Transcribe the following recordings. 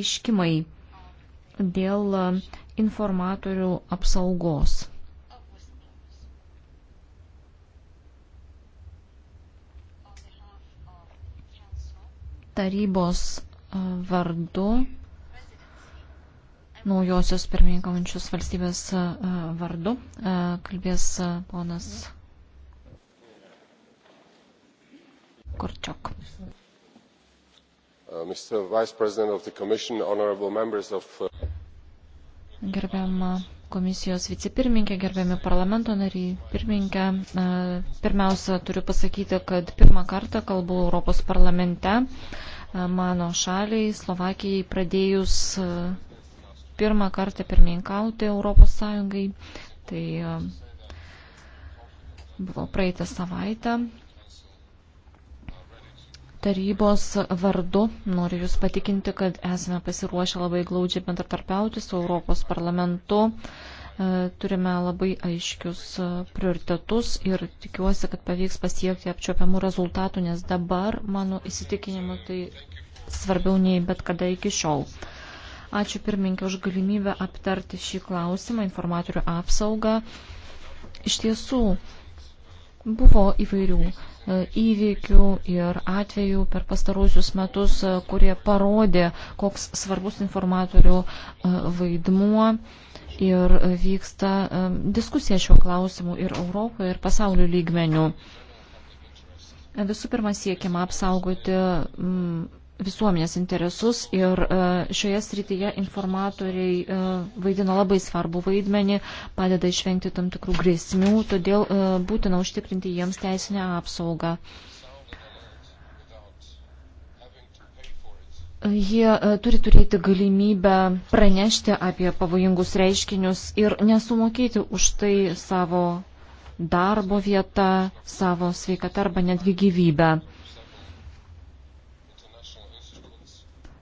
iškimai dėl e, informatorių apsaugos. Tarybos e, vardu, naujosios pirmininkaujančios valstybės e, vardu, kalbės ponas Korčiok. Uh, Mr. Vice President of the Commission, honorable members of. Uh, Gerbiama komisijos vicepirmininkė, gerbiami parlamento nariai, pirmininkė, uh, pirmiausia turiu pasakyti, kad pirmą kartą kalbu Europos parlamente mano šaliai, Slovakijai, pradėjus pirmą kartą pirmininkauti Europos Sąjungai. Tai buvo praeitą savaitę. Tarybos vardu noriu Jūs patikinti, kad esame pasiruošę labai glaudžiai bendratarpiauti su Europos parlamentu. E, turime labai aiškius e, prioritetus ir tikiuosi, kad pavyks pasiekti apčiopiamų rezultatų, nes dabar, mano įsitikinimu, tai svarbiau nei bet kada iki šiol. Ačiū pirmininkė už galimybę aptarti šį klausimą, informatorių apsaugą. Iš tiesų, Buvo įvairių e, įvykių ir atvejų per pastarosius metus, e, kurie parodė, koks svarbus informatorių e, vaidmuo ir vyksta diskusija šio klausimu ir Europoje, ir pasaulio lygmenių. Visų pirma, siekima apsaugoti visuomenės interesus ir e, šioje srityje informatoriai e, vaidina labai svarbu vaidmenį, padeda išvengti tam tikrų grėsmių, todėl e, būtina užtikrinti jiems teisinę apsaugą. Jie turi turėti galimybę pranešti apie pavojingus reiškinius ir nesumokėti už tai savo darbo vietą, savo sveikatą arba netgi gyvybę.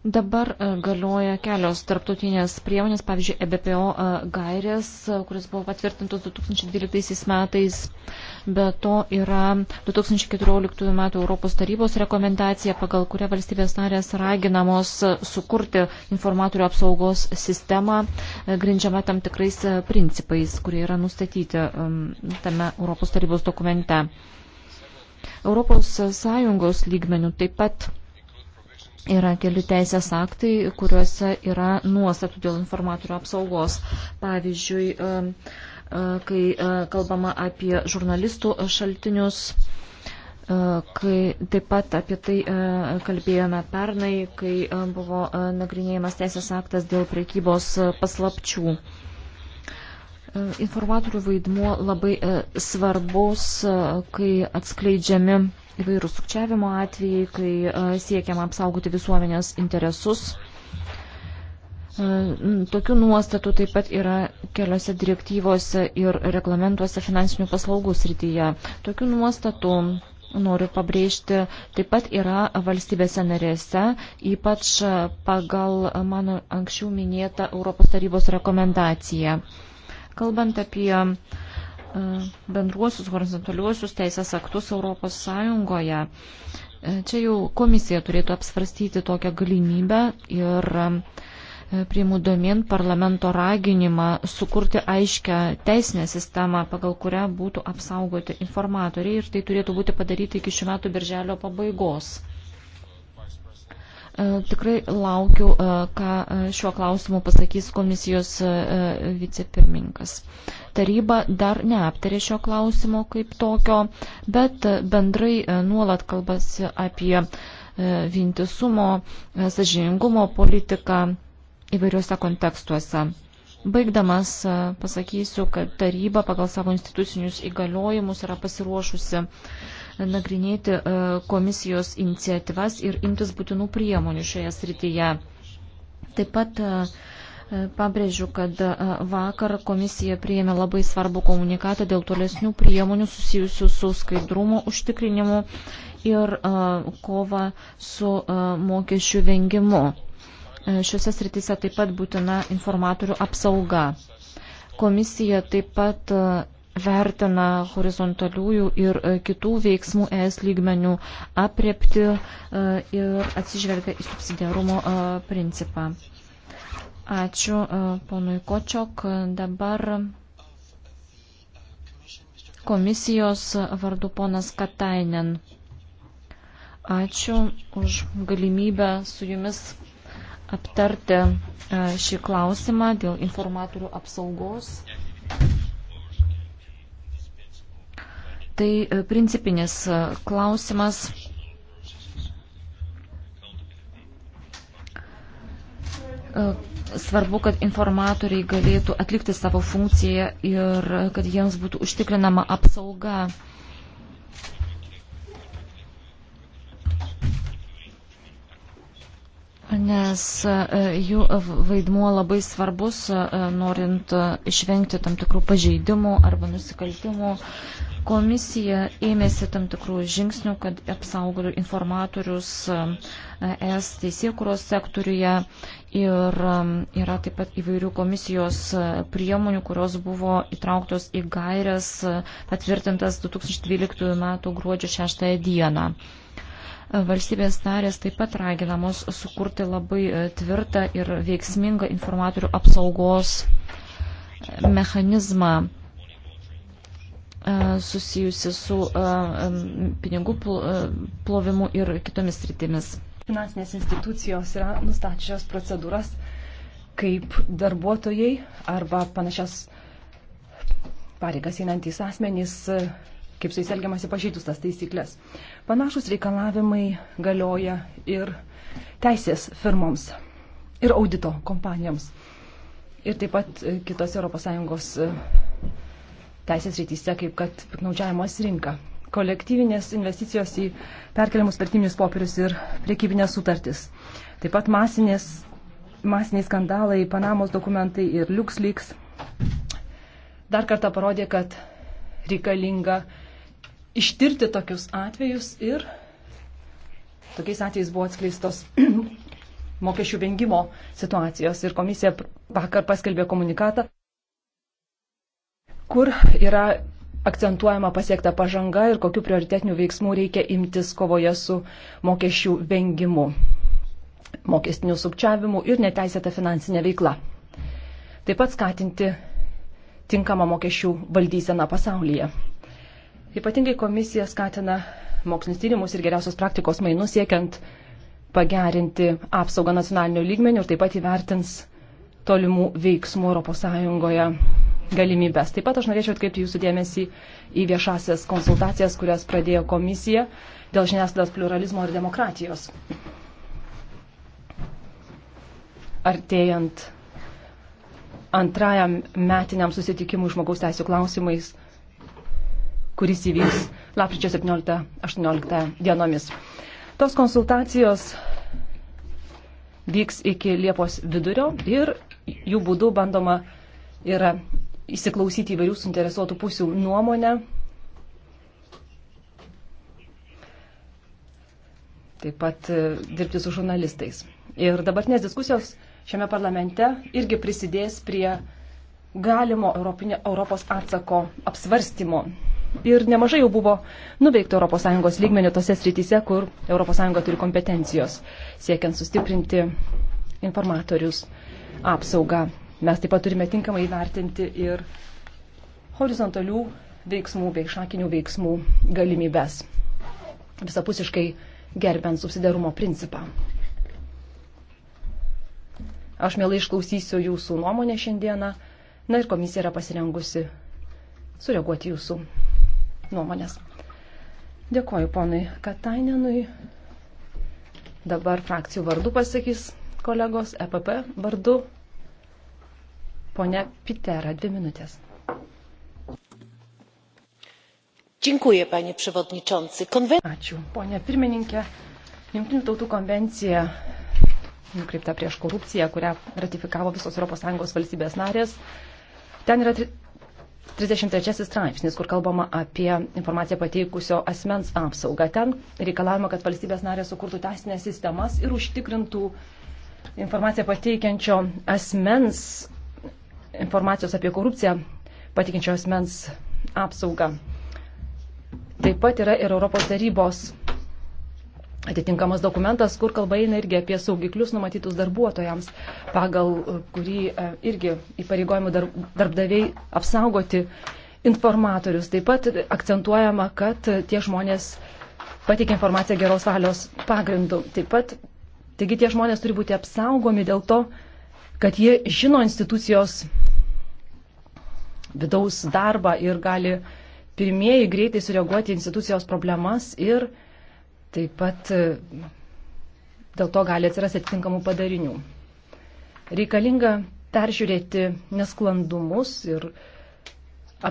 Dabar e, galioja kelios tarptautinės priemonės, pavyzdžiui, EBPO e, gairės, e, kuris buvo patvirtintos 2012 metais, be to yra 2014 metų Europos tarybos rekomendacija, pagal kurią valstybės narės raginamos sukurti informatorių apsaugos sistemą, grindžiama tam tikrais principais, kurie yra nustatyti tame Europos tarybos dokumente. Europos Sąjungos lygmenių taip pat Yra keli teisės aktai, kuriuose yra nuostatų dėl informatorių apsaugos. Pavyzdžiui, e, e, kai e, kalbama apie žurnalistų šaltinius, kai taip pat apie tai kalbėjome pernai, kai buvo nagrinėjimas teisės aktas dėl prekybos paslapčių. Informatorių vaidmuo labai svarbus, kai atskleidžiami įvairūs sukčiavimo atvejai, kai e, siekiama apsaugoti visuomenės interesus. E, tokių nuostatų taip pat yra keliose direktyvose ir reglamentuose finansinių paslaugų srityje. Tokių nuostatų, noriu pabrėžti, taip pat yra valstybėse narėse, ypač pagal mano anksčiau minėtą Europos tarybos rekomendaciją. Kalbant apie E, bendruosius horizontaliuosius teisės aktus Europos Sąjungoje. E, čia jau komisija turėtų apsvarstyti tokią galimybę ir e, priimu domin parlamento raginimą sukurti aiškę teisinę sistemą, pagal kurią būtų apsaugoti informatoriai ir tai turėtų būti padaryti iki šių metų birželio pabaigos. E, tikrai laukiu, e, ką e, šiuo klausimu pasakys komisijos vicepirmininkas. Taryba dar neaptarė šio klausimo kaip tokio, bet bendrai nuolat kalbasi apie vientisumo, sažiningumo politiką įvairiuose kontekstuose. Baigdamas pasakysiu, kad taryba pagal savo institucinius įgaliojimus yra pasiruošusi uh, nagrinėti e, komisijos iniciatyvas ir imtis būtinų priemonių šioje srityje. Taip pat e, e, Pabrėžiu, kad vakar komisija prieėmė labai svarbų komunikatą dėl tolesnių priemonių susijusių su skaidrumo užtikrinimu ir kova su mokesčių vengimu. Šiuose sritise taip pat būtina informatorių apsauga. Komisija taip pat vertina horizontaliųjų ir e, kitų veiksmų ES lygmenių apriepti e, ir atsižvelgia į subsidiarumo e, principą. Ačiū ponui Kočiok. Dabar komisijos vardu ponas Katainen. Ačiū už galimybę su jumis aptarti šį klausimą dėl informatorių apsaugos. Tai e, principinis e, klausimas. E, svarbu, kad informatoriai galėtų atlikti savo funkciją ir kad jiems būtų užtikrinama apsauga. nes e, jų vaidmuo labai svarbus, e, norint e, išvengti tam tikrų pažeidimų arba nusikaltimų. Komisija ėmėsi tam tikrų žingsnių, kad apsaugotų informatorius ES teisėkuros sektoriuje ir yra taip pat įvairių komisijos priemonių, kurios buvo įtrauktos į gairias patvirtintas 2012 m. gruodžio 6 d. Valstybės narės taip pat raginamos sukurti labai e, tvirtą ir veiksmingą informatorių apsaugos e, mechanizmą e, susijusi su pinigų plovimu ir kitomis rytimis. Finansinės institucijos yra nustačios procedūras, kaip darbuotojai arba panašias pareigas einantys asmenys kaip su jais elgiamasi pažeidus tas taisyklės. Panašus reikalavimai galioja ir teisės firmoms, ir audito kompanijoms, ir taip pat e, kitos ES e, teisės rytise, kaip kad piknaudžiavimas rinka. Kolektyvinės investicijos į perkeliamus vertiminius popierius ir priekybinės sutartis. Taip pat masinės, masiniai skandalai, Panamos dokumentai ir LuxLeaks dar kartą parodė, kad reikalinga ištirti tokius atvejus ir tokiais atvejais buvo atskleistos mokesčių vengimo situacijos ir komisija vakar paskelbė komunikatą, kur yra akcentuojama pasiekta pažanga ir kokiu prioritetiniu veiksmu reikia imtis kovoje su mokesčių vengimu, mokestiniu sukčiavimu ir neteisėta finansinė veikla. Taip pat skatinti tinkamą mokesčių valdyseną pasaulyje. Ypatingai komisija skatina mokslinis tyrimus ir geriausios praktikos mainus siekiant pagerinti apsaugą nacionalinių lygmenių ir taip pat įvertins tolimų veiksmų ES galimybės. Taip pat aš norėčiau atkreipti jūsų dėmesį į viešasias konsultacijas, kurias pradėjo komisija dėl žiniasklaidos pluralizmo ir demokratijos. Artėjant antrajam metiniam susitikimui žmogaus teisų klausimais kuris įvyks lapkričio 17-18 dienomis. Tos konsultacijos vyks iki Liepos vidurio ir jų būdu bandoma yra įsiklausyti įvairių suinteresuotų pusių nuomonę. Taip pat e, dirbti su žurnalistais. Ir dabartinės diskusijos šiame parlamente irgi prisidės prie galimo Europinė, Europos atsako apsvarstymo ir nemažai jau buvo nuveikta ES lygmenio tose srityse, kur ES turi kompetencijos, siekiant sustiprinti informatorius apsaugą. Mes taip pat turime tinkamai įvertinti ir horizontalių veiksmų bei šakinių veiksmų galimybės, visapusiškai gerbent subsidarumo principą. Aš mielai išklausysiu jūsų nuomonę šiandieną, na ir komisija yra pasirengusi sureaguoti jūsų nuomonės. Dėkoju ponui Katainenui. Dabar frakcijų vardu pasakys kolegos EPP vardu. Pone Pitera, dvi minutės. Dziękuję, panie przewodniczący. Konven... Ačiū, ponė pirmininkė. Junktinių tautų konvencija nukreipta prieš korupciją, kurią ratifikavo visos ES valstybės narės. Ten yra 33 straipsnis, kur kalbama apie informaciją pateikusio asmens apsaugą. Ten reikalavimo, kad valstybės narės sukurtų teisinės sistemas ir užtikrintų informaciją pateikiančio asmens, informacijos apie korupciją pateikiančio asmens apsaugą. Taip pat yra ir Europos tarybos atitinkamas dokumentas, kur kalba eina irgi apie saugiklius numatytus darbuotojams, pagal e, kurį e, irgi įpareigojami darbdaviai apsaugoti informatorius. Taip pat akcentuojama, kad e, tie žmonės pateikia informaciją geros valios pagrindų. Taip pat, taigi tie žmonės turi būti apsaugomi dėl to, kad jie žino institucijos vidaus darbą ir gali pirmieji greitai sureaguoti institucijos problemas ir uh, Taip pat e, dėl to gali atsirasti atitinkamų padarinių. Reikalinga peržiūrėti nesklandumus ir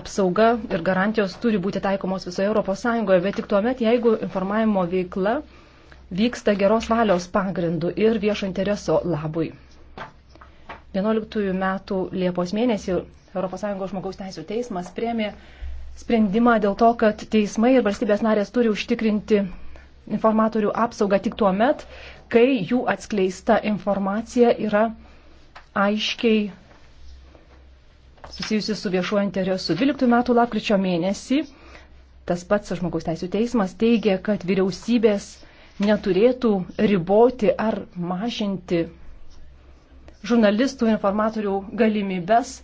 apsauga ir garantijos turi būti taikomos visoje ES, bet tik tuo met, jeigu informavimo veikla vyksta geros valios pagrindu ir viešo intereso labui. 11 metų Liepos mėnesį ES žmogaus teisų teismas priemė sprendimą dėl to, kad teismai ir valstybės narės turi užtikrinti informatorių apsaugą tik tuo met, kai jų atskleista informacija yra aiškiai susijusi su viešuoju interesu. 12 metų lakryčio mėnesį tas pats žmogaus teisų teismas teigia, kad vyriausybės neturėtų riboti ar mažinti žurnalistų informatorių galimybės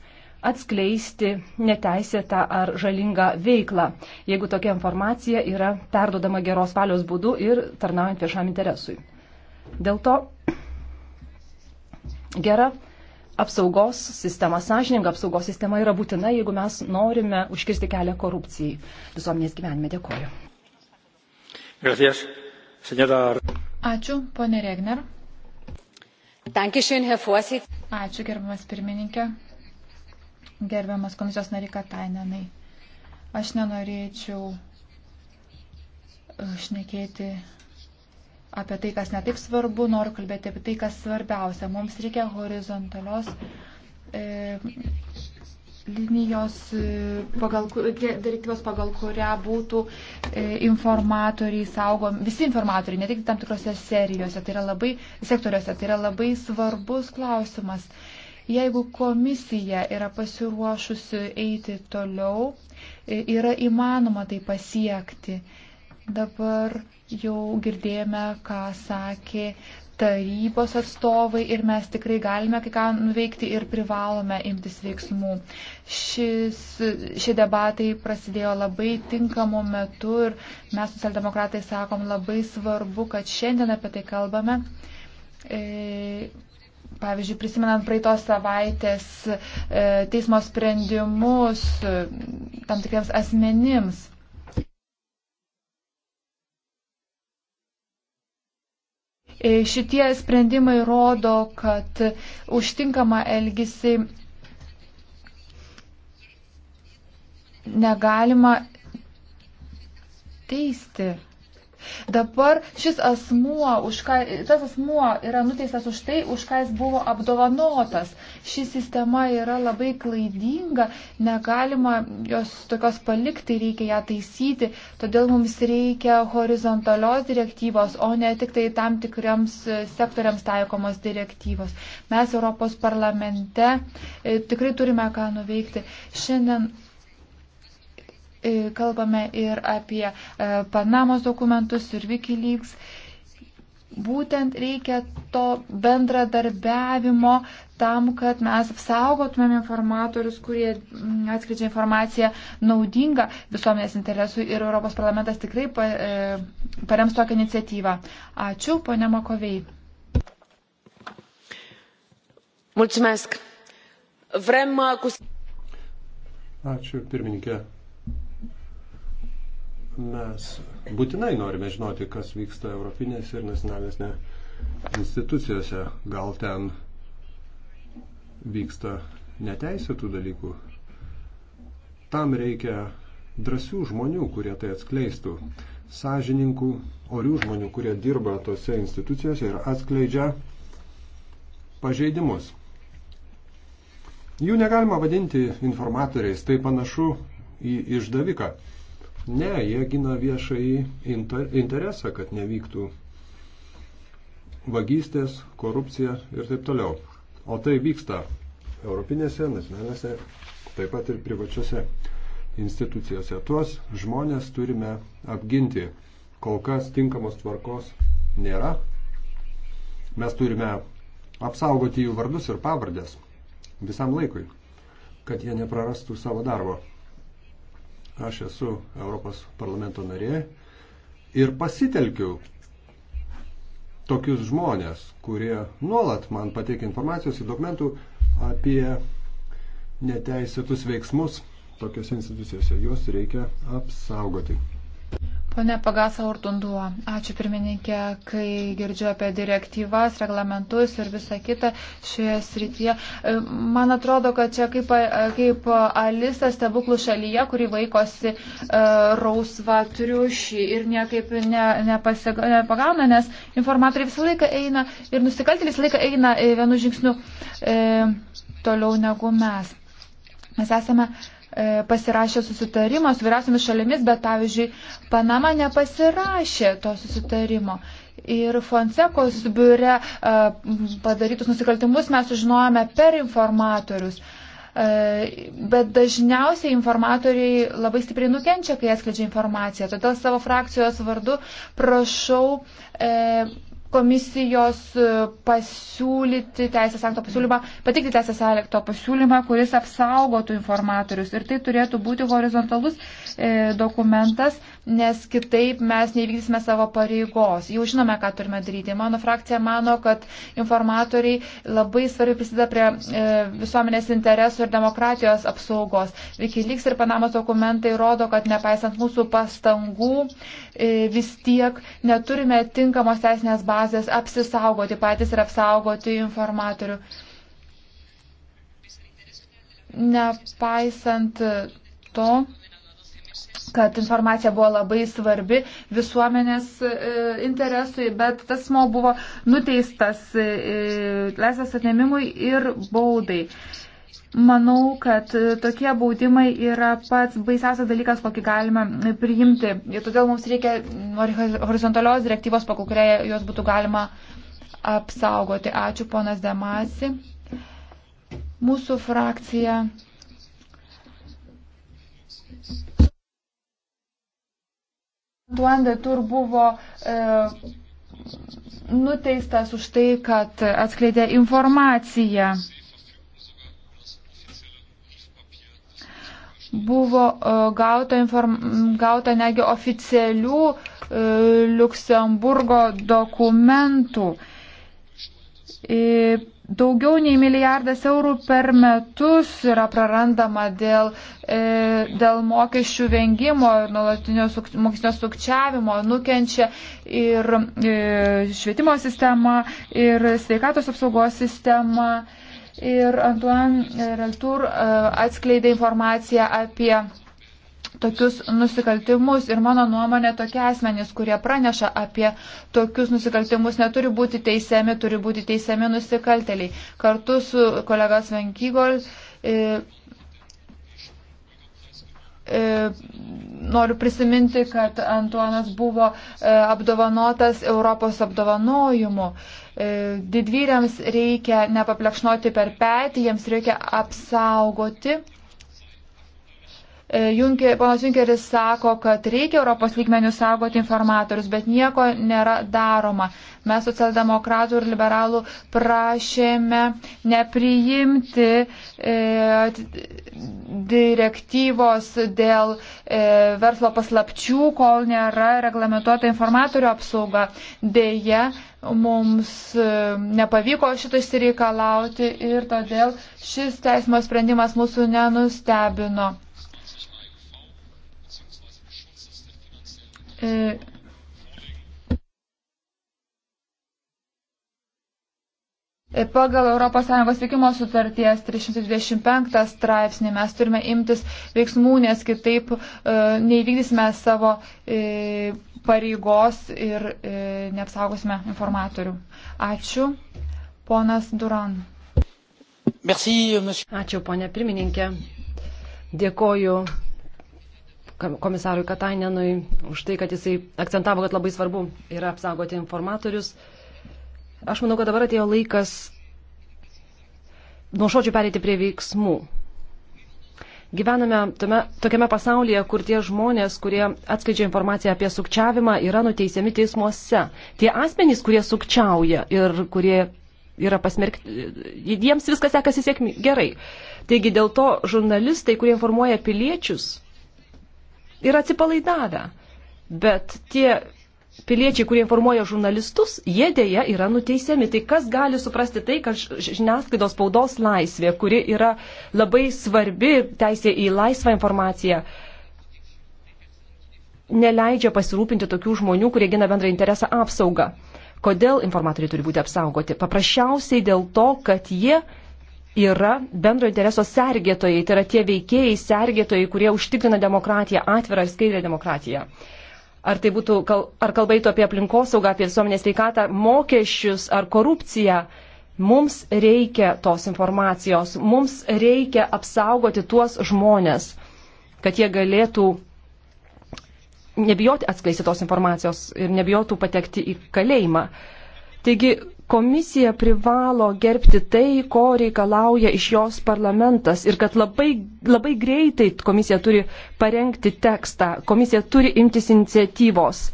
atskleisti neteisėtą ar žalingą veiklą, jeigu tokia informacija yra perdodama geros valios būdu ir tarnaujant viešam interesui. Dėl to gera apsaugos sistema, sąžininga apsaugos sistema yra būtina, jeigu mes norime užkirsti kelią korupcijai visuomenės gyvenime. Dėkoju. Gracias, senora... Ačiū, ponė Regner. Dankeschön, Herr Vorsitz. Ačiū, gerbamas pirmininkė gerbiamas komisijos narika Tainenai. Aš nenorėčiau uh, šnekėti apie tai, kas netaip svarbu, noriu kalbėti apie tai, kas svarbiausia. Mums reikia horizontalios e, linijos, e, pagal, direktyvos, pagal kurią būtų e, informatoriai saugomi, visi informatoriai, ne tik tam tikrose serijose, tai yra labai, sektoriuose, tai yra labai svarbus klausimas. Jeigu komisija yra pasiruošusi eiti toliau, yra įmanoma tai pasiekti. Dabar jau girdėjome, ką sakė tarybos atstovai ir mes tikrai galime kai ką nuveikti ir privalome imtis veiksmų. Šis, šie debatai prasidėjo labai tinkamu metu ir mes socialdemokratai sakom labai svarbu, kad šiandien apie tai kalbame. E, Pavyzdžiui, prisimenant praeitos savaitės e, teismo sprendimus e, tam tikriems asmenims. E, šitie sprendimai rodo, kad užtinkama elgesi negalima teisti. Dabar šis asmuo, ką, tas asmuo yra nuteistas už tai, už ką jis buvo apdovanotas. Ši sistema yra labai klaidinga, negalima jos tokios palikti, reikia ją taisyti. Todėl mums reikia horizontalios direktyvos, o ne tik tai tam tikriams e, sektoriams taikomos direktyvos. Mes Europos parlamente e, tikrai turime ką nuveikti. Šiandien E, kalbame ir apie e, Panamos dokumentus ir Wikileaks. Būtent reikia to bendradarbiavimo tam, kad mes apsaugotumėm informatorius, kurie mm, atskleidžia informaciją naudingą visuomenės interesui ir Europos parlamentas tikrai pa, e, parems tokią iniciatyvą. Ačiū, ponia Makovei. Mulțumesc. Vrem uh, cu... Ačiū, pirmininkė. Mes būtinai norime žinoti, kas vyksta Europinės ir nacionalinės ne, institucijose. Gal ten vyksta neteisėtų dalykų. Tam reikia drąsių žmonių, kurie tai atskleistų. Sažininkų, orių žmonių, kurie dirba tose institucijose ir atskleidžia pažeidimus. Jų negalima vadinti informatoriais, tai panašu į išdaviką. Ne, jie gina viešai inter, interesą, kad nevyktų vagystės, korupcija ir taip toliau. O tai vyksta europinėse, nacionalinėse, taip pat ir privačiose institucijose. Tuos žmonės turime apginti. Kol kas tinkamos tvarkos nėra. Mes turime apsaugoti jų vardus ir pavardės visam laikui, kad jie neprarastų savo darbo. Aš esu Europos parlamento narė ir pasitelkiu tokius žmonės, kurie nuolat man pateikia informacijos ir dokumentų apie neteisėtus veiksmus tokiose institucijose. Juos reikia apsaugoti. Pone Pagasa Urtunduo, ačiū pirmininkė, kai girdžiu apie direktyvas, reglamentus ir visą kitą šioje srityje. E, man atrodo, kad čia kaip, kaip Alisa stebuklų šalyje, kuri vaikosi uh, e, rausva triušį ir niekaip ne, nepasiga, nepagauna, nes informatoriai visą laiką eina ir nusikaltėliai visą laiką eina e, vienu žingsniu uh, toliau negu mes. Mes esame uh, E, pasirašė susitarimą su vyriausiamis šalimis, bet pavyzdžiui, Panama nepasirašė to susitarimo. Ir Fonsekos biure e, padarytus nusikaltimus mes sužinojame per informatorius. E, bet dažniausiai informatoriai labai stipriai nukenčia, kai atskleidžia informaciją. Todėl savo frakcijos vardu prašau komisijos e, pasiūlyti teisės akto pasiūlymą, patikti teisės akto pasiūlymą, kuris apsaugotų informatorius. Ir tai turėtų būti horizontalus e, dokumentas nes kitaip mes nevykdysime savo pareigos. Jau žinome, ką turime daryti. Mano frakcija mano, kad informatoriai labai svarbiai prisideda prie e, visuomenės interesų ir demokratijos apsaugos. Vikiliks ir Panamos dokumentai rodo, kad nepaisant mūsų pastangų, e, vis tiek neturime tinkamos teisinės bazės apsisaugoti patys ir apsaugoti informatorių. Nepaisant to, kad informacija buvo labai svarbi visuomenės e, interesui, bet tas asmo buvo nuteistas e, e lesės atėmimui ir baudai. Manau, kad e, tokie baudimai yra pats baisiausias dalykas, kokį galime priimti. Ir todėl mums reikia horizontalios direktyvos, pagal kurią juos būtų galima apsaugoti. Ačiū, ponas Demasi. Mūsų frakcija Duanda Tur buvo e, nuteistas už tai, kad atskleidė informaciją. Buvo e, gauta, inform, gauta negi oficialių e, Luksemburgo dokumentų. E, Daugiau nei milijardas eurų per metus yra prarandama dėl, e, dėl mokesčių vengimo ir nuolatinio suk, mokestinio sukčiavimo, nukenčia ir, ir e, švietimo sistema, ir sveikatos apsaugos sistema. Ir Antoine Reltur e, atskleidė informaciją apie tokius nusikaltimus. Ir mano nuomonė, tokie asmenys, kurie praneša apie tokius nusikaltimus, neturi būti teisiami, turi būti teisiami nusikalteliai. Kartu su kolegas Venkygol. E, e, noriu prisiminti, kad Antuanas buvo e, apdovanotas Europos apdovanojimu. E, didvyriams reikia nepaplekšnoti per petį, jiems reikia apsaugoti E, Junker, panas Junkeris sako, kad reikia Europos lygmenių saugoti informatorius, bet nieko nėra daroma. Mes socialdemokratų ir liberalų prašėme nepriimti e, direktyvos dėl e, verslo paslapčių, kol nėra reglamentuota informatorių apsauga. Deja, mums e, nepavyko šito išsireikalauti ir todėl šis teismo sprendimas mūsų nenustebino. E, e, Pagal ES veikimo sutarties 325 straipsnį mes turime imtis veiksmų, nes kitaip e, neįvykdysime savo e, pareigos ir e, neapsaugosime informatorių. Ačiū, ponas Duran. Merci, monsieur. Ačiū, ponė pirmininkė. Dėkoju komisarui Katainenui už tai, kad jisai akcentavo, kad labai svarbu yra apsaugoti informatorius. Aš manau, kad dabar atėjo laikas nuo žodžių pereiti prie veiksmų. Gyvename tame, tokiame pasaulyje, kur tie žmonės, kurie atskleidžia informaciją apie sukčiavimą, yra nuteisiami teismuose. Tie asmenys, kurie sukčiauja ir kurie yra pasmerkti, jiems viskas sekasi sėkmi gerai. Taigi dėl to žurnalistai, kurie informuoja piliečius, yra atsipalaidavę. Bet tie piliečiai, kurie informuoja žurnalistus, jie dėja yra nuteisiami. Tai kas gali suprasti tai, kad žiniasklaidos spaudos laisvė, kuri yra labai svarbi teisė į laisvą informaciją, neleidžia pasirūpinti tokių žmonių, kurie gina bendrą interesą apsaugą. Kodėl informatoriai turi būti apsaugoti? Paprasčiausiai dėl to, kad jie yra bendro intereso sergėtojai, tai yra tie veikėjai, sergėtojai, kurie užtikrina demokratiją, atvirą ir skaidrę demokratiją. Ar tai būtų, ar kalbaitų apie aplinkosaugą, apie visuomenės veikatą, mokesčius ar korupciją, mums reikia tos informacijos, mums reikia apsaugoti tuos žmonės, kad jie galėtų nebijoti atskleisti tos informacijos ir nebijotų patekti į kalėjimą. Taigi komisija privalo gerbti tai, ko reikalauja iš jos parlamentas ir kad labai, labai greitai komisija turi parengti tekstą, komisija turi imtis iniciatyvos.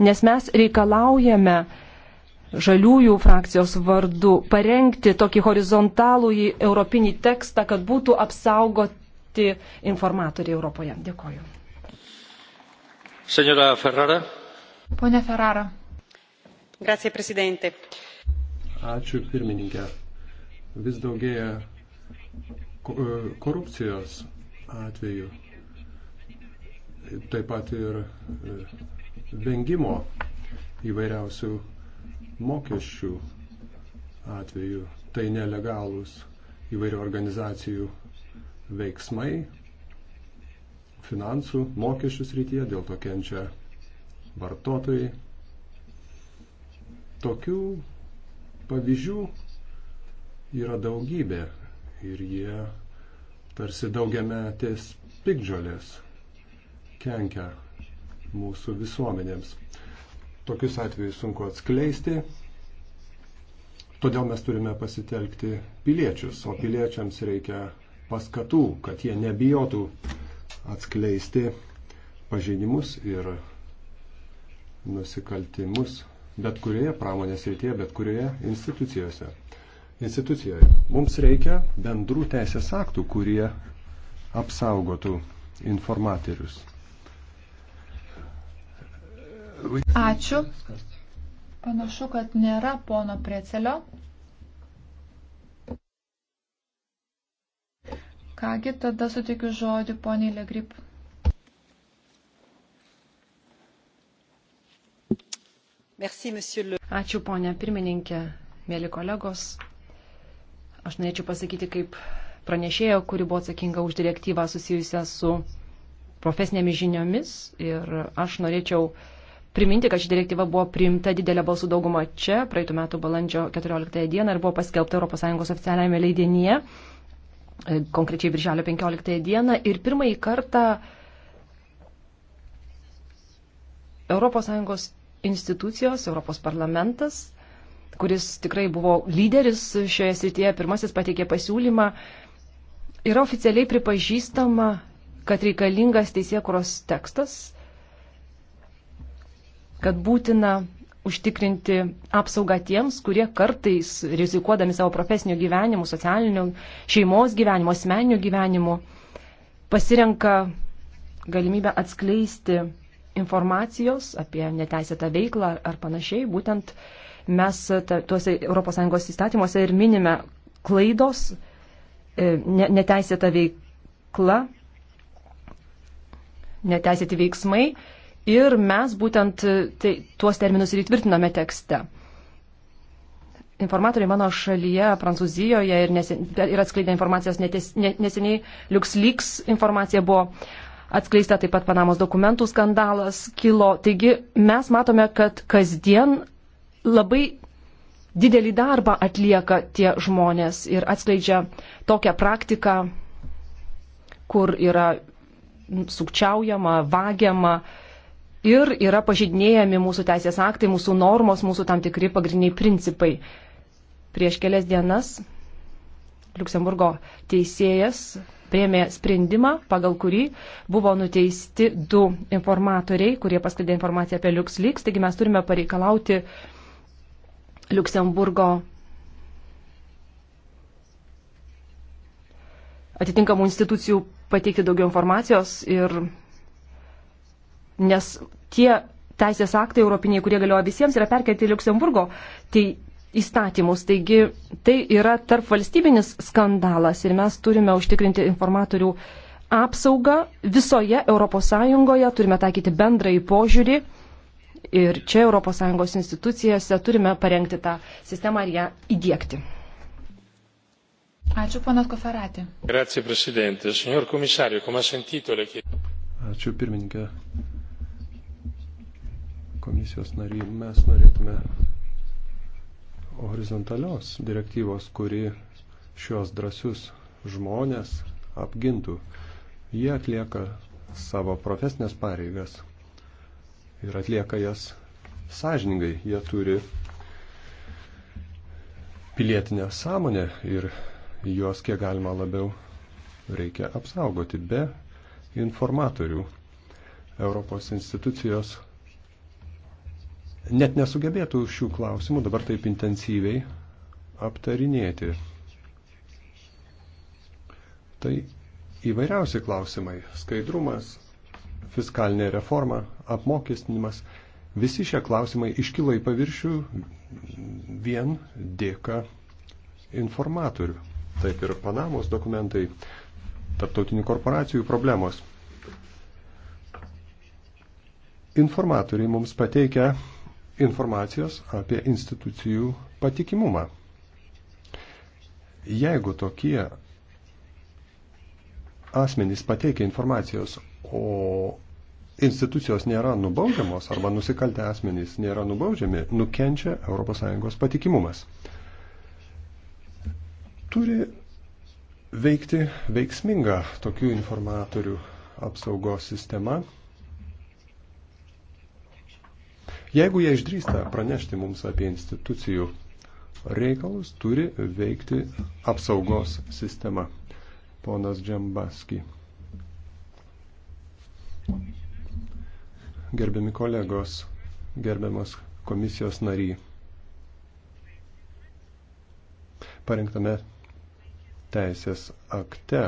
Nes mes reikalaujame žaliųjų frakcijos vardu parengti tokį horizontalų į europinį tekstą, kad būtų apsaugoti informatoriai Europoje. Dėkoju. Senora Ferrara. Pone Ferrara. Grazie, prezidente. Ačiū, pirmininkė. Vis daugėja e, korupcijos atveju. Taip pat ir e, vengimo įvairiausių mokesčių atveju. Tai nelegalūs įvairių organizacijų veiksmai finansų mokesčių srityje, dėl to kenčia vartotojai, Tokių pavyzdžių yra daugybė ir jie tarsi daugiametės pikdžiolės kenkia mūsų visuomenėms. Tokius atvejus sunku atskleisti, todėl mes turime pasitelkti piliečius, o piliečiams reikia paskatų, kad jie nebijotų atskleisti pažeidimus ir nusikaltimus bet kurioje pramonės rytėje, bet kurioje institucijose. Institucijoje. Mums reikia bendrų teisės aktų, kurie apsaugotų informatorius. Ačiū. Panašu, kad nėra pono Precelio. Kągi, tada sutikiu žodį poniai Legrip. Ačiū, ponė pirmininkė, mėly kolegos. Aš norėčiau pasakyti, kaip pranešėjo, kuri buvo atsakinga už direktyvą susijusią su profesinėmis žiniomis. Ir aš norėčiau priminti, kad ši direktyva buvo priimta didelė balsų dauguma čia, praeitų metų balandžio 14 dieną ir buvo paskelbta ES oficialiame leidinyje, e, konkrečiai birželio 15 dieną. Ir pirmąjį kartą ES institucijos, Europos parlamentas, kuris tikrai buvo lyderis šioje srityje, pirmasis pateikė pasiūlymą, yra oficialiai pripažįstama, kad reikalingas teisėkuros tekstas, kad būtina užtikrinti apsaugą tiems, kurie kartais, rizikuodami savo profesinio gyvenimo, socialinio, šeimos gyvenimo, asmeninio gyvenimo, pasirenka galimybę atskleisti informacijos apie neteisėtą veiklą ar panašiai, būtent mes tuose ES įstatymuose ir minime klaidos, e, neteisėta veikla, neteisėti veiksmai ir mes būtent e, tai, tuos terminus ir įtvirtiname tekste. Informatoriai mano šalyje, Prancūzijoje ir, nesen, ir atskleidė informacijos netes, ne, neseniai LuxLeaks informacija buvo atskleista taip pat Panamos dokumentų skandalas kilo. Taigi mes matome, kad kasdien labai didelį darbą atlieka tie žmonės ir atskleidžia tokią praktiką, kur yra sukčiaujama, vagiama ir yra pažydinėjami mūsų teisės aktai, mūsų normos, mūsų tam tikri pagrindiniai principai. Prieš kelias dienas Luksemburgo teisėjas priemė sprendimą, pagal kurį buvo nuteisti du informatoriai, kurie paskleidė informaciją apie LuxLeaks. Taigi mes turime pareikalauti Luksemburgo atitinkamų institucijų pateikti daugiau informacijos ir nes tie teisės aktai europiniai, kurie galioja visiems, yra perkelti Luksemburgo tai įstatymus. Taigi tai yra tarp valstybinis skandalas ir mes turime užtikrinti informatorių apsaugą visoje ES, turime taikyti bendrąjį požiūrį ir čia ES institucijose turime parengti tą sistemą ir ją įdėkti. Ačiū, ponas Koferati. Grazie, prezidentė. Signor komisario, come ha sentito, le chiedo. Ačiū, pirmininkė. Komisijos nariai, mes norėtume horizontalios direktyvos, kuri šios drąsius žmonės apgintų. Jie atlieka savo profesinės pareigas ir atlieka jas sąžiningai. Jie turi pilietinę sąmonę ir juos kiek galima labiau reikia apsaugoti be informatorių. Europos institucijos net nesugebėtų šių klausimų dabar taip intensyviai aptarinėti. Tai įvairiausi klausimai - skaidrumas, fiskalinė reforma, apmokestinimas - visi šie klausimai iškilo į paviršių vien dėka informatorių. Taip ir Panamos dokumentai, tarptautinių korporacijų problemos. Informatoriai mums pateikia informacijos apie institucijų patikimumą. Jeigu tokie asmenys pateikia informacijos, o institucijos nėra nubaudžiamos arba nusikaltę asmenys nėra nubaudžiami, nukenčia ES patikimumas. Turi veikti veiksminga tokių informatorių apsaugos sistema Jeigu jie išdrįsta pranešti mums apie institucijų reikalus, turi veikti apsaugos sistema. Ponas Džambaski. Gerbiami kolegos, gerbiamas komisijos nary. Parengtame teisės akte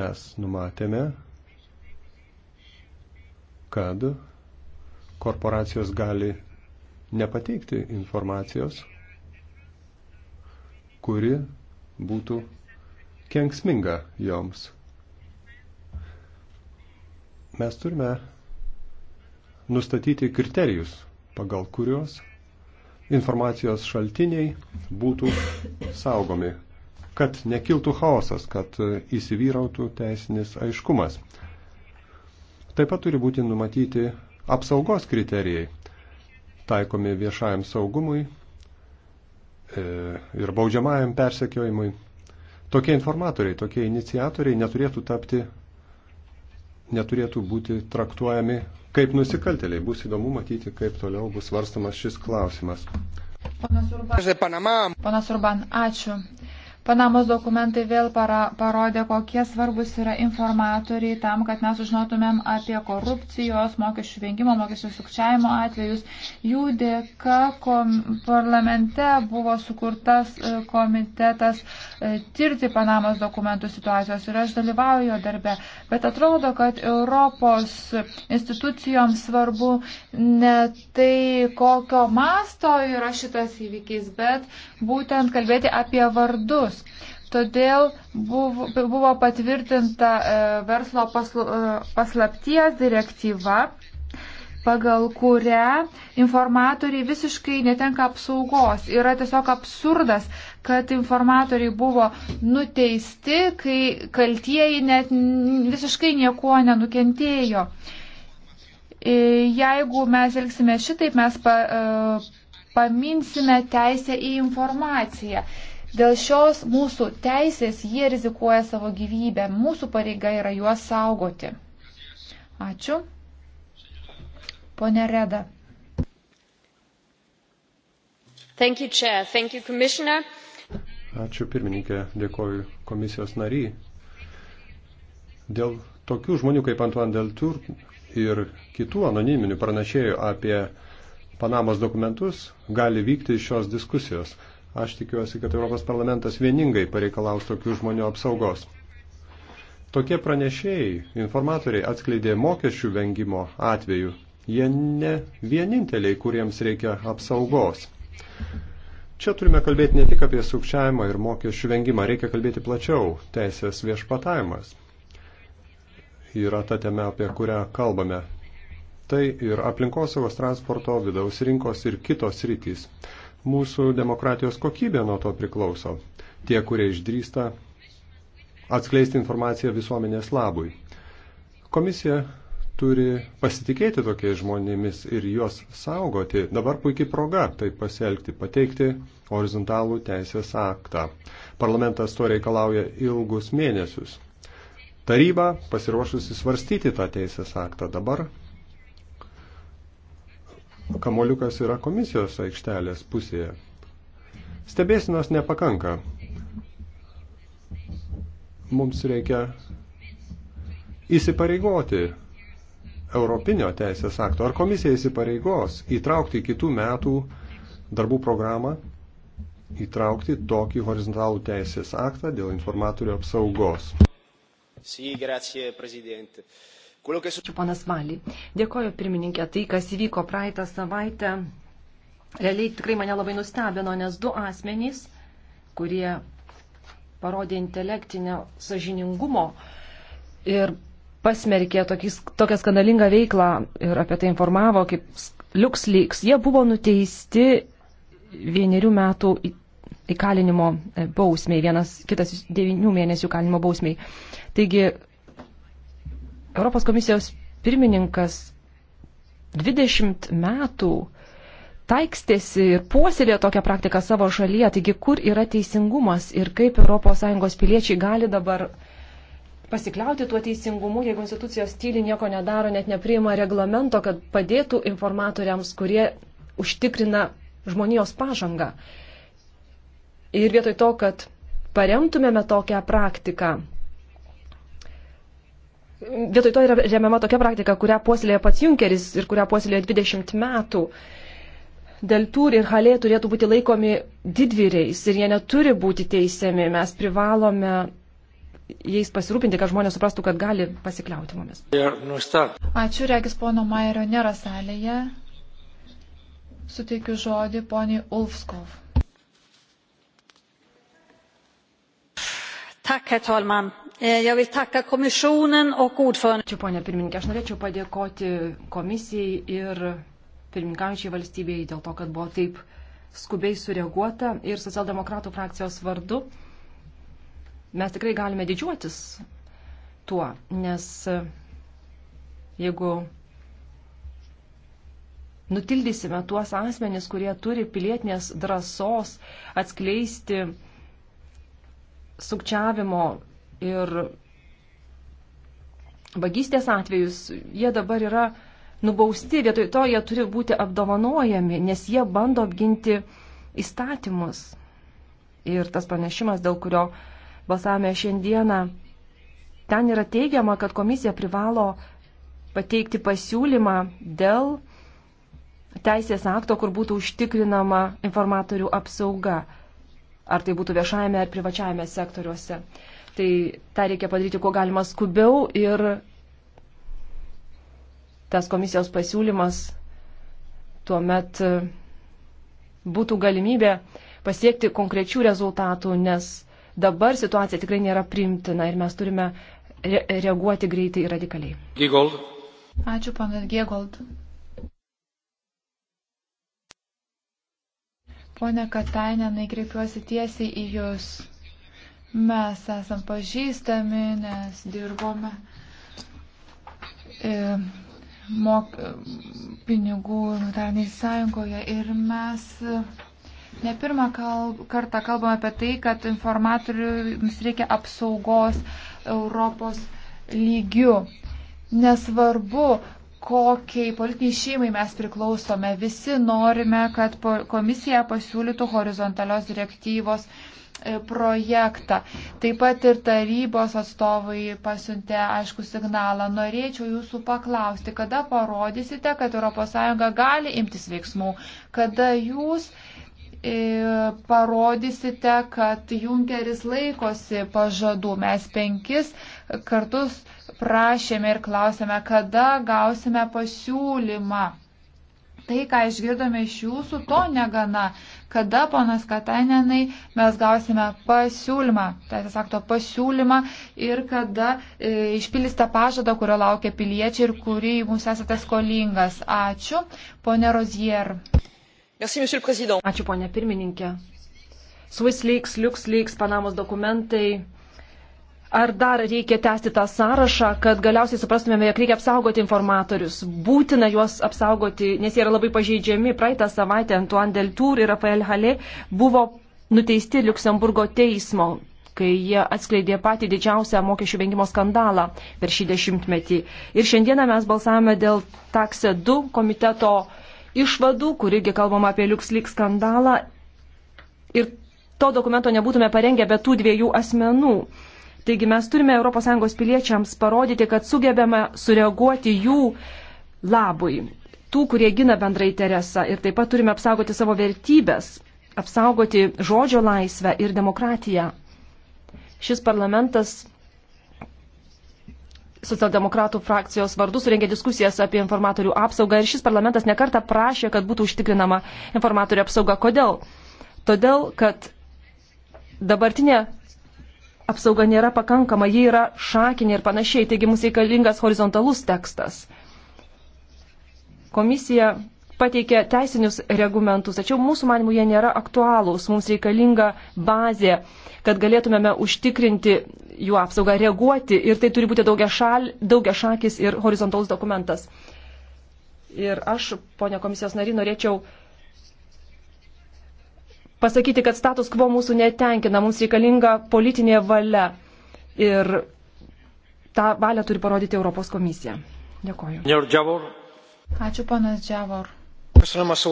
mes numatėme kad korporacijos gali nepateikti informacijos, kuri būtų kenksminga joms. Mes turime nustatyti kriterijus, pagal kuriuos informacijos šaltiniai būtų saugomi, kad nekiltų chaosas, kad įsivyrautų teisinis aiškumas. Taip pat turi būti numatyti apsaugos kriterijai, taikomi viešajam saugumui e, ir baudžiamajam persekiojimui. Tokie informatoriai, tokie iniciatoriai neturėtų tapti, neturėtų būti traktuojami kaip nusikalteliai. Bus įdomu matyti, kaip toliau bus svarstamas šis klausimas. Panas Urban, Panas Urban ačiū. Panamos dokumentai vėl para, parodė, kokie svarbus yra informatoriai tam, kad mes sužinotumėm apie korupcijos, mokesčių vengimo, mokesčių sukčiavimo atvejus. Jų dėka kom, parlamente buvo sukurtas e, komitetas e, tirti Panamos dokumentų situacijos ir aš dalyvauju jo darbe. Bet atrodo, kad Europos institucijoms svarbu ne tai, kokio masto yra šitas įvykis, bet būtent kalbėti apie vardus metus. Todėl buvo patvirtinta e, verslo e, paslapties direktyva, pagal kurią informatoriai visiškai netenka apsaugos. Yra tiesiog absurdas, kad informatoriai buvo nuteisti, kai kaltieji net visiškai nieko nenukentėjo. E, jeigu mes elgsime šitaip, mes pa, paminsime teisę į informaciją. Dėl šios mūsų teisės jie rizikuoja savo gyvybę. Mūsų pareiga yra juos saugoti. Ačiū. Pone Reda. Thank you, Chair. Thank you, Commissioner. Ačiū pirmininkė, dėkoju komisijos nariai. Dėl tokių žmonių kaip Antoine Deltour ir kitų anoniminių pranašėjų apie Panamos dokumentus gali vykti šios diskusijos. Aš tikiuosi, kad Europos parlamentas vieningai pareikalaus tokių žmonių apsaugos. Tokie pranešėjai, informatoriai atskleidė mokesčių vengimo atveju. Jie ne vieninteliai, kuriems reikia apsaugos. Čia turime kalbėti ne tik apie sukčiavimą ir mokesčių vengimą, reikia kalbėti plačiau - teisės viešpatavimas. Yra ta tema, apie kurią kalbame. Tai ir aplinkosaugos transporto, vidaus rinkos ir kitos rytys. Mūsų demokratijos kokybė nuo to priklauso. Tie, kurie išdrįsta atskleisti informaciją visuomenės labui. Komisija turi pasitikėti tokiais žmonėmis ir juos saugoti. Dabar puikiai proga tai pasielgti, pateikti horizontalų teisės aktą. Parlamentas to reikalauja ilgus mėnesius. Taryba pasiruošusi svarstyti tą teisės aktą dabar kamoliukas yra komisijos aikštelės pusėje. Stebėsinos nepakanka. Mums reikia įsipareigoti Europinio teisės akto. Ar komisija įsipareigos įtraukti kitų metų darbų programą, įtraukti tokį horizontalų teisės aktą dėl informatorių apsaugos? Sì, grazie Presidente. Ačiū, ponas Valį. Dėkoju, pirmininkė. Tai, kas įvyko praeitą savaitę, realiai tikrai mane labai nustebino, nes du asmenys, kurie parodė intelektinio sažiningumo ir pasmerkė tokį, tokią skandalingą veiklą ir apie tai informavo, kaip LuxLeaks, jie buvo nuteisti vienerių metų įkalinimo bausmiai, vienas kitas devinių mėnesių įkalinimo bausmiai. Taigi Europos komisijos pirmininkas 20 metų taikstėsi ir puoselė tokią praktiką savo šalyje. Taigi, kur yra teisingumas ir kaip ES piliečiai gali dabar pasikliauti tuo teisingumu, jeigu institucijos tyli nieko nedaro, net nepriima reglamento, kad padėtų informatoriams, kurie užtikrina žmonijos pažangą. Ir vietoj to, kad paremtumėme tokią praktiką, vietoj to yra remiama tokia praktika, kurią puoselėja pats Junkeris ir kurią puoselėja 20 metų. Deltūr ir Halė turėtų būti laikomi didvyriais ir jie neturi būti teisiami. Mes privalome jais pasirūpinti, kad žmonės suprastų, kad gali pasikliauti mumis. Nu Ačiū, Regis, pono Mairio nėra salėje. Suteikiu žodį poniai Ulfskov. Tak, herr Tolman. Eh, jag vill tacka kommissionen och ordföranden. Čia, ponia pirmininkė, aš norėčiau padėkoti komisijai ir pirmininkaujančiai valstybei dėl to, kad buvo taip skubiai sureaguota ir socialdemokratų frakcijos vardu. Mes tikrai galime didžiuotis tuo, nes eh, jeigu nutildysime tuos asmenis, kurie turi pilietinės drąsos atskleisti sukčiavimo ir vagystės atvejus, jie dabar yra nubausti, vietoj to jie turi būti apdovanojami, nes jie bando apginti įstatymus. Ir tas pranešimas, dėl kurio balsavome šiandieną, ten yra teigiama, kad komisija privalo pateikti pasiūlymą dėl teisės akto, kur būtų užtikrinama informatorių apsauga, ar tai būtų viešajame ar privačiajame sektoriuose. Tai tą reikia padaryti kuo galima skubiau ir tas komisijos pasiūlymas tuomet būtų galimybė pasiekti konkrečių rezultatų, nes dabar situacija tikrai nėra primtina ir mes turime re reaguoti greitai ir radikaliai. Giegold. Ačiū, panas Giegold. Pone Katainė, naikreipiuosi tiesiai į Jūs. Mes esam pažįstami, nes dirbome e, mok, pinigų notariniai sąjungoje ir mes ne pirmą kalb, kartą kalbame apie tai, kad informatoriams reikia apsaugos Europos lygių. Nesvarbu, kokiai politiniai šeimai mes priklausome, visi norime, kad komisija pasiūlytų horizontalios direktyvos uh, E, projektą. Taip pat ir tarybos atstovai pasiuntė aišku signalą. Norėčiau jūsų paklausti, kada parodysite, kad ES gali imtis veiksmų, kada jūs e, parodysite, kad Junkeris laikosi pažadų. Mes penkis kartus prašėme ir klausėme, kada gausime pasiūlymą. Tai, ką išgirdome iš jūsų, to negana kada, ponas Katainenai, mes gausime pasiūlymą, teisės akto pasiūlymą ir kada e, išpildys tą pažadą, kurio laukia piliečiai ir kurį mums esate skolingas. Ačiū, ponė Rozier. Merci, Ačiū, ponė pirmininkė. Swiss Leaks, Lux Leaks, Panamos dokumentai Ar dar reikia tęsti tą sąrašą, kad galiausiai suprastumėme, jog reikia apsaugoti informatorius? Būtina juos apsaugoti, nes jie yra labai pažeidžiami. Praeitą savaitę Antoine Deltour ir Rafael Hale buvo nuteisti Luksemburgo teismo, kai jie atskleidė patį didžiausią mokesčių vengimo skandalą per šį dešimtmetį. Ir šiandieną mes balsavome dėl takse 2 komiteto išvadų, kurigi kalbama apie LuxLeaks skandalą. Ir to dokumento nebūtume parengę be tų dviejų asmenų. Taigi mes turime ES piliečiams parodyti, kad sugebėme sureaguoti jų labui, tų, kurie gina bendrą interesą ir taip pat turime apsaugoti savo vertybės, apsaugoti žodžio laisvę ir demokratiją. Šis parlamentas socialdemokratų frakcijos vardu surengė diskusijas apie informatorių apsaugą ir šis parlamentas nekarta prašė, kad būtų užtikrinama informatorių apsauga. Kodėl? Todėl, kad dabartinė apsauga nėra pakankama, ji yra šakinė ir panašiai, taigi mums reikalingas horizontalus tekstas. Komisija pateikė teisinius regumentus, tačiau mūsų manimų jie nėra aktualūs, mums reikalinga bazė, kad galėtumėme užtikrinti jų apsaugą, reaguoti ir tai turi būti daugia, šal, daugia šakis ir horizontalus dokumentas. Ir aš, ponia komisijos nariai, norėčiau uh, pasakyti, kad status quo mūsų netenkina, mums reikalinga politinė valia. Ir tą valią turi parodyti Europos komisija. Dėkoju. Ačiū, panas Džiavor. Ačiū,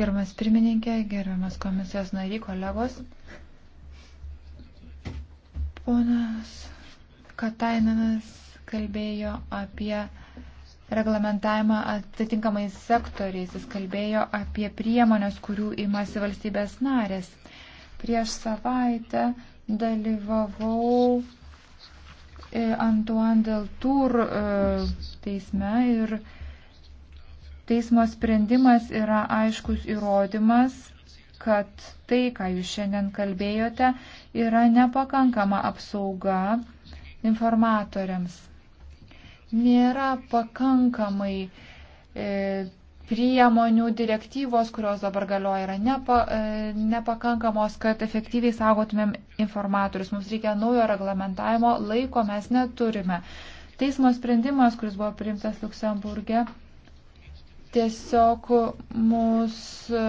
gerbiamas pirmininkė, gerbiamas komisijos nariai, kolegos. Ponas Katainenas kalbėjo apie reglamentavimą atitinkamais sektoriais. Jis kalbėjo apie priemonės, kurių imasi valstybės narės. Prieš savaitę dalyvavau e, Antoine Deltour e, teisme ir teismo sprendimas yra aiškus įrodymas, kad tai, ką jūs šiandien kalbėjote, yra nepakankama apsauga informatoriams nėra pakankamai e, priemonių direktyvos, kurios dabar galioja, yra nepa, e, nepakankamos, kad efektyviai saugotumėm informatorius. Mums reikia naujo reglamentavimo, laiko mes neturime. Teismo sprendimas, kuris buvo priimtas Luksemburgė, tiesiog mūsų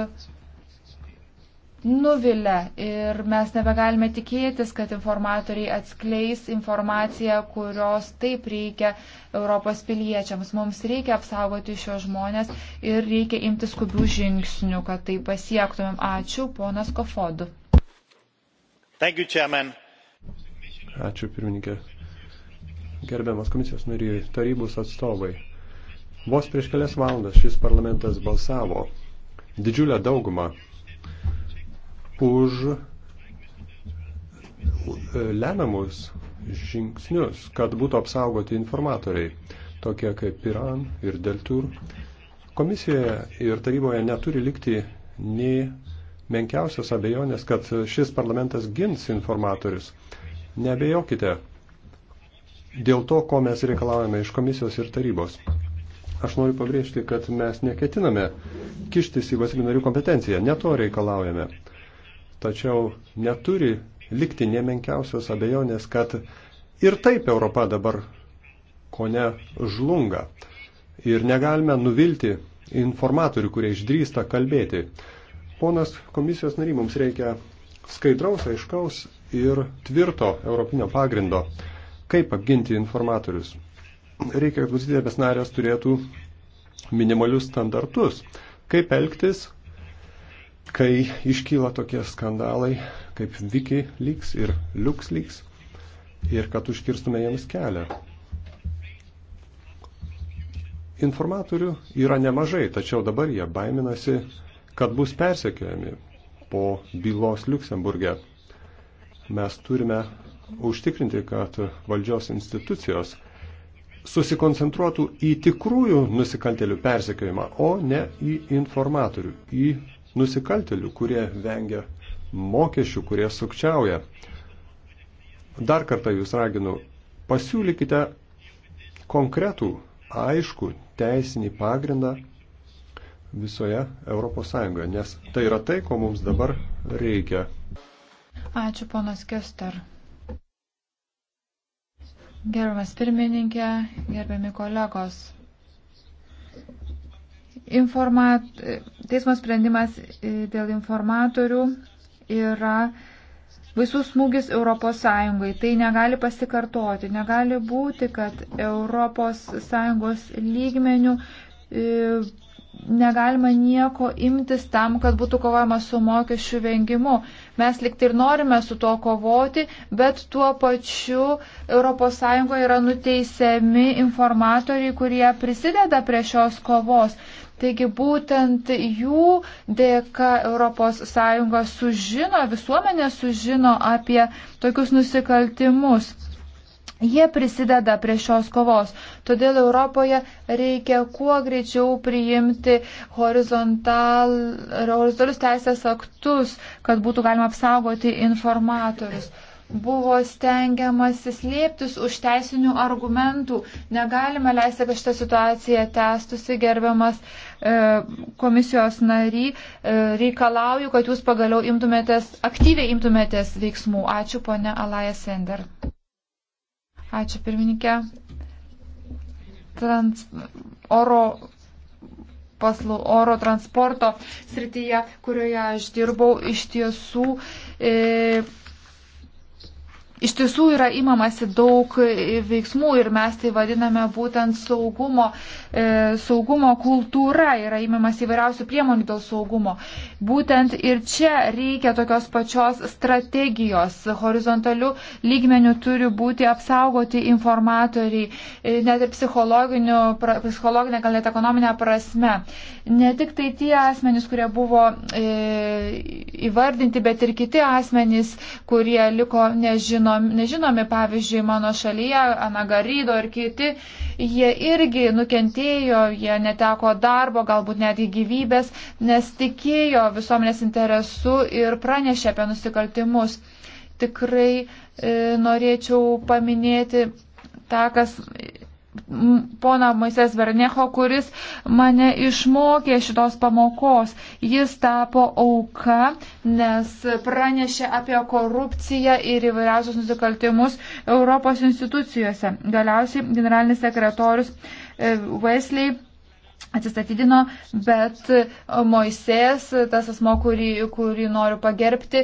nuvilia ir mes nebegalime tikėtis, kad informatoriai atskleis informaciją, kurios taip reikia Europos piliečiams. Mums reikia apsaugoti šios žmonės ir reikia imti skubių žingsnių, kad tai pasiektumėm. Ačiū, ponas Kofodu. Thank you, chairman. Ačiū, pirmininkė. Gerbiamas komisijos nariai, tarybos atstovai. Vos prieš kelias valandas šis parlamentas balsavo didžiulę daugumą už e, lemiamus žingsnius, kad būtų apsaugoti informatoriai, tokie kaip Piran ir Deltur. Komisijoje ir taryboje neturi likti nei menkiausios abejonės, kad šis parlamentas gins informatorius. Nebejokite dėl to, ko mes reikalavome iš komisijos ir tarybos. Aš noriu pabrėžti, kad mes neketiname kištis į valstybių narių kompetenciją, ne to reikalaujame. Tačiau neturi likti nemenkiausios abejonės, kad ir taip Europa dabar ko ne žlunga. Ir negalime nuvilti informatorių, kurie išdrįsta kalbėti. Ponas komisijos nary, mums reikia skaidraus, aiškaus ir tvirto europinio pagrindo, kaip apginti informatorius. Reikia, kad valstybės narės turėtų minimalius standartus, kaip elgtis, kai iškyla tokie skandalai kaip Viki lygs ir Liuks lygs ir kad užkirstume jiems kelią. Informatorių yra nemažai, tačiau dabar jie baiminasi, kad bus persekiojami po bylos Liuksemburgė. Mes turime užtikrinti, kad valdžios institucijos susikoncentruotų į tikrųjų nusikaltelių persekiojimą, o ne į informatorių, į nusikaltelių, kurie vengia mokesčių, kurie sukčiauja. Dar kartą jūs raginu, pasiūlykite konkretų, aišku teisinį pagrindą visoje Europos Sąjungoje, nes tai yra tai, ko mums dabar reikia. Ačiū, ponas Kester. Gerbiamas pirmininkė, gerbiami kolegos. Informat, teismo sprendimas e, dėl informatorių yra baisus smūgis Europos Sąjungai. Tai negali pasikartoti. Negali būti, kad Europos Sąjungos lygmenių e, negalima nieko imtis tam, kad būtų kovojama su mokesčių vengimu. Mes likti ir norime su tuo kovoti, bet tuo pačiu ES yra nuteisiami informatoriai, kurie prisideda prie šios kovos. Taigi būtent jų dėka ES sužino, visuomenė sužino apie tokius nusikaltimus. Jie prisideda prie šios kovos. Todėl Europoje reikia kuo greičiau priimti horizontalius teisės aktus, kad būtų galima apsaugoti informatorius buvo stengiamasi slėptis už teisinių argumentų. Negalime leisti, kad šitą situaciją tęstusi gerbiamas e, komisijos nary. E, reikalauju, kad jūs pagaliau imtumėtės, aktyviai imtumėtės veiksmų. Ačiū, ponė Alaja Sender. Ačiū pirmininkė. Trans, oro paslau, oro transporto srityje, kurioje aš dirbau, iš tiesų e, Iš tiesų yra imamasi daug e, veiksmų ir mes tai vadiname būtent saugumo, e, saugumo kultūra, yra imamasi įvairiausių priemonių dėl saugumo. Būtent ir čia reikia tokios pačios strategijos. Horizontalių lygmenių turi būti apsaugoti informatoriai, e, net ir pra, psichologinė, gal net ekonominė prasme. Ne tik tai tie asmenys, kurie buvo e, įvardinti, bet ir kiti asmenys, kurie liko nežinomi nežinom, nežinomi, pavyzdžiui, mano šalyje, Anagarydo ir kiti, jie irgi nukentėjo, jie neteko darbo, galbūt netgi gyvybės, nes tikėjo visuomenės interesu ir pranešė apie nusikaltimus. Tikrai e, norėčiau paminėti tą, kas pona Moises Vernecho, kuris mane išmokė šitos pamokos. Jis tapo auka, nes pranešė apie korupciją ir įvairiausius nusikaltimus Europos institucijose. Galiausiai generalinis sekretorius e, Wesley atsistatydino, bet Moisės, tas asmo, kurį, kurį noriu pagerbti,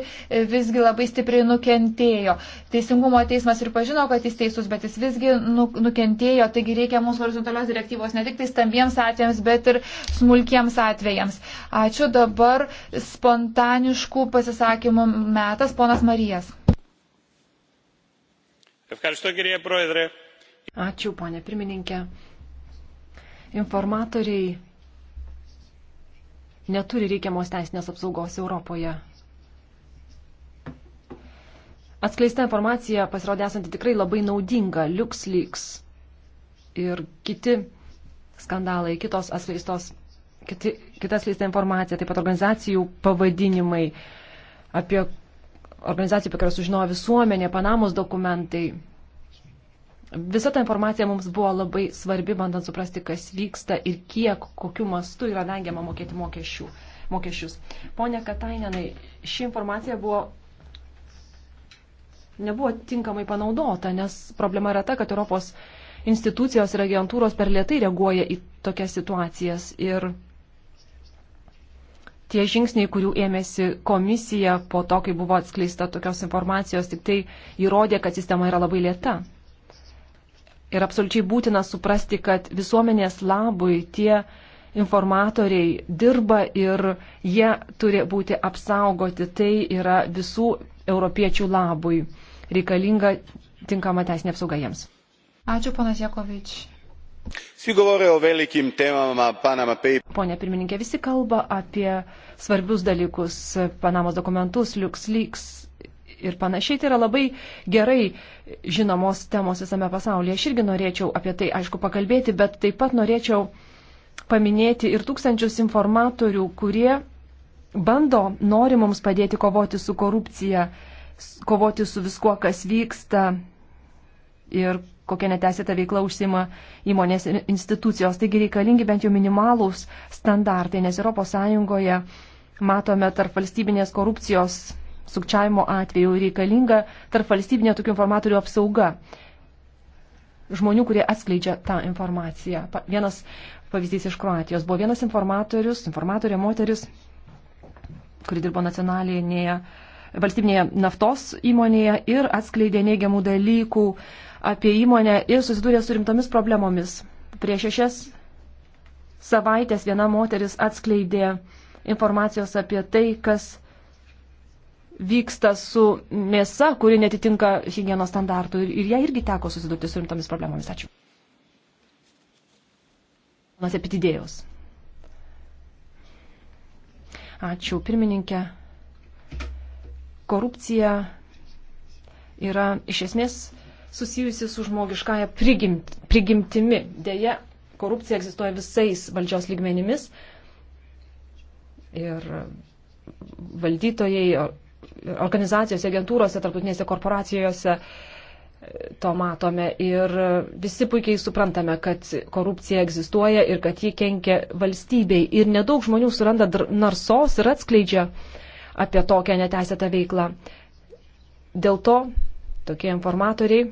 visgi labai stipriai nukentėjo. Teisingumo teismas ir pažino, kad jis teisus, bet jis visgi nu, nukentėjo, taigi reikia mūsų horizontalios direktyvos ne tik tai stambiems atvejams, bet ir smulkiems atvejams. Ačiū dabar spontaniškų pasisakymų metas, ponas Marijas. Ačiū, ponė pirmininkė informatoriai neturi reikiamos teisinės apsaugos Europoje. Atskleista informacija pasirodė esanti tikrai labai naudinga LuxLeaks ir kiti skandalai, kitos atskleistos, kiti, kita atskleista informacija, taip pat organizacijų pavadinimai, apie organizacijų, apie kurias sužinojo visuomenė, Panamos dokumentai, Visa ta informacija mums buvo labai svarbi, bandant suprasti, kas vyksta ir kiek, kokiu mastu yra vengiama mokėti mokesčių, mokesčius. Pone Katainenai, ši informacija buvo nebuvo tinkamai panaudota, nes problema yra ta, kad Europos institucijos ir agentūros per lietai reaguoja į tokias situacijas ir tie žingsniai, kurių ėmėsi komisija po to, kai buvo atskleista tokios informacijos, tik tai įrodė, kad sistema yra labai lieta. Ir absoliučiai būtina suprasti, kad visuomenės labui tie informatoriai dirba ir jie turi būti apsaugoti. Tai yra visų europiečių labui reikalinga tinkama teisinė apsauga jiems. Ačiū, ponas Jakovič. Pone pirmininkė, visi kalba apie svarbius dalykus - Panamos dokumentus, LuxLeaks ir panašiai. Tai yra labai gerai žinomos temos visame pasaulyje. Aš irgi norėčiau apie tai, aišku, pakalbėti, bet taip pat norėčiau paminėti ir tūkstančius informatorių, kurie bando, nori mums padėti kovoti su korupcija, kovoti su viskuo, kas vyksta ir kokia neteisėta veikla užsima įmonės institucijos. Taigi reikalingi bent jau minimalūs standartai, nes ES matome tarp valstybinės korupcijos sukčiavimo atveju reikalinga tarp valstybinė tokių informatorių apsauga žmonių, kurie atskleidžia tą informaciją. Vienas pavyzdys iš Kroatijos buvo vienas informatorius, informatorė moteris, kuri dirbo nacionalinėje valstybinėje naftos įmonėje ir atskleidė neigiamų dalykų apie įmonę ir susidūrė su rimtomis problemomis. Prieš šešias savaitės viena moteris atskleidė informacijos apie tai, kas vyksta su mėsa, kuri netitinka hygienos standartų ir, ir jai irgi teko susidurti su rimtomis problemomis. Ačiū. Panas Epitidėjos. Ačiū, pirmininkė. Korupcija yra iš esmės susijusi su žmogiškąją prigimt, prigimtimi. Deja, korupcija egzistuoja visais valdžios lygmenimis. Ir valdytojai, organizacijose, agentūrose, tarptautinėse korporacijose e, to matome ir e, visi puikiai suprantame, kad korupcija egzistuoja ir kad ji kenkia valstybei ir nedaug žmonių suranda narsos ir atskleidžia apie tokią neteisėtą veiklą. Dėl to tokie informatoriai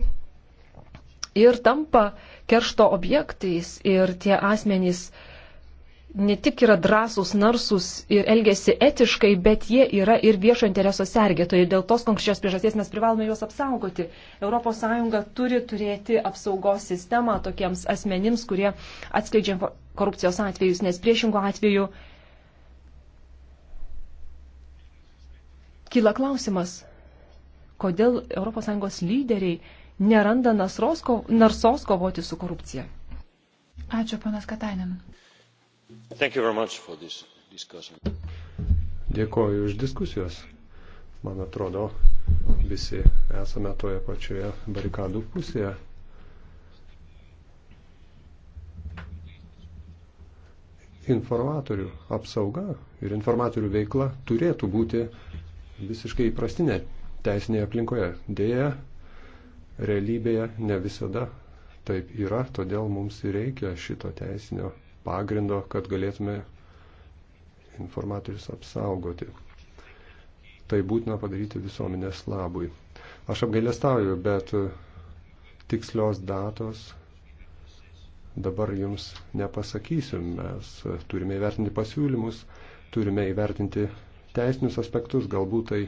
ir tampa keršto objektais ir tie asmenys, uh, ne tik yra drąsūs, narsus ir elgesi etiškai, bet jie yra ir viešo intereso sergėtojai. Dėl tos konkrečios priežasties mes privalome juos apsaugoti. ES turi turėti apsaugos sistemą tokiems asmenims, kurie atskleidžia korupcijos atvejus, nes priešingų atveju kyla klausimas, kodėl ES lyderiai neranda narsos kovoti su korupcija. Ačiū, panas Katainen. Dėkoju už diskusijos. Man atrodo, visi esame toje pačioje barikadų pusėje. Informatorių apsauga ir informatorių veikla turėtų būti visiškai įprastinė teisinėje aplinkoje. Deja, realybėje ne visada taip yra, todėl mums ir reikia šito teisinio pagrindo, kad galėtume informatorius apsaugoti. Tai būtina padaryti visuomenės labui. Aš apgailestauju, bet uh, tikslios datos dabar jums nepasakysiu. Mes uh, turime įvertinti pasiūlymus, turime įvertinti teisinius aspektus, galbūt tai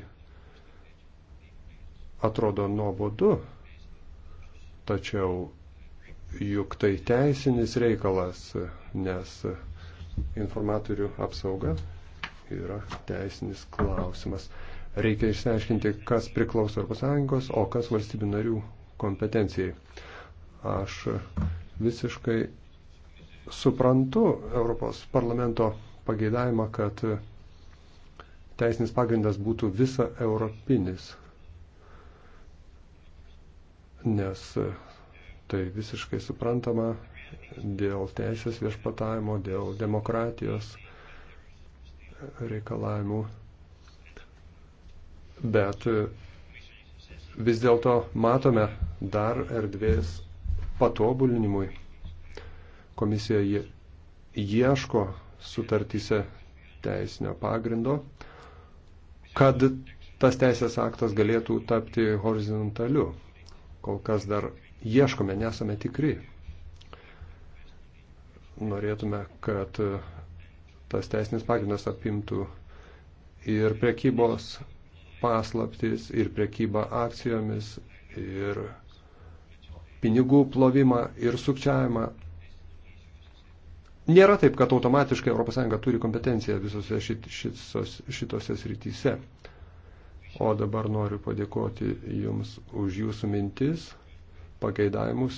atrodo nuobodu, tačiau juk tai teisinis reikalas, nes informatorių apsauga yra teisinis klausimas. Reikia išsiaiškinti, kas priklauso ES, o kas valstybių narių kompetencijai. Aš visiškai suprantu Europos parlamento pageidavimą, kad teisinis pagrindas būtų visa europinis, nes Tai visiškai suprantama dėl teisės viešpatavimo, dėl demokratijos reikalavimų. Bet vis dėlto matome dar erdvės patobulinimui. Komisija ieško sutartyse teisinio pagrindo, kad tas teisės aktas galėtų tapti horizontaliu. Kol kas dar ieškome, nesame tikri. Norėtume, kad tas teisinis pagrindas apimtų ir prekybos paslaptis, ir prekybą akcijomis, ir pinigų plovimą, ir sukčiavimą. Nėra taip, kad automatiškai ES turi kompetenciją visose šitos, šitose srityse. O dabar noriu padėkoti Jums už Jūsų mintis pageidavimus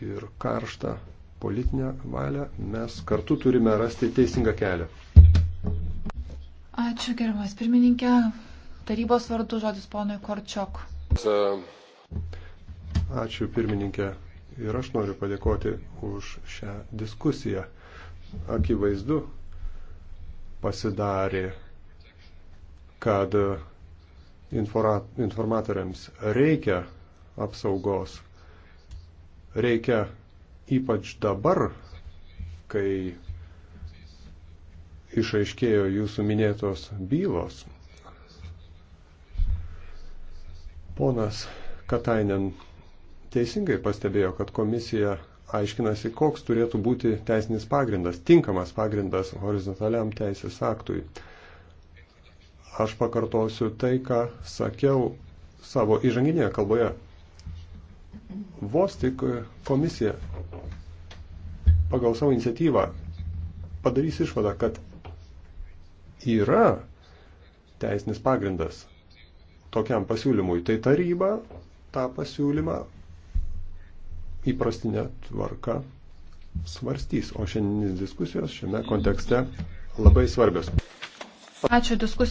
ir karštą politinę valią, mes kartu turime rasti teisingą kelią. Ačiū gerbiamas pirmininkė. Tarybos vardu žodis ponui Korčiok. Ačiū pirmininkė. Ir aš noriu padėkoti už šią diskusiją. Akivaizdu pasidarė, kad informatoriams reikia apsaugos. Reikia ypač dabar, kai išaiškėjo jūsų minėtos bylos. Ponas Katainen teisingai pastebėjo, kad komisija aiškinasi, koks turėtų būti teisinis pagrindas, tinkamas pagrindas horizontaliam teisės aktui. Aš pakartosiu tai, ką sakiau savo įžanginėje kalboje vos tik e, komisija pagal savo iniciatyvą padarys išvadą, kad yra teisinis pagrindas tokiam pasiūlymui, tai taryba tą pasiūlymą įprastinę tvarką svarstys. O šiandienis diskusijos šiame kontekste labai svarbios. Ačiū diskusijos.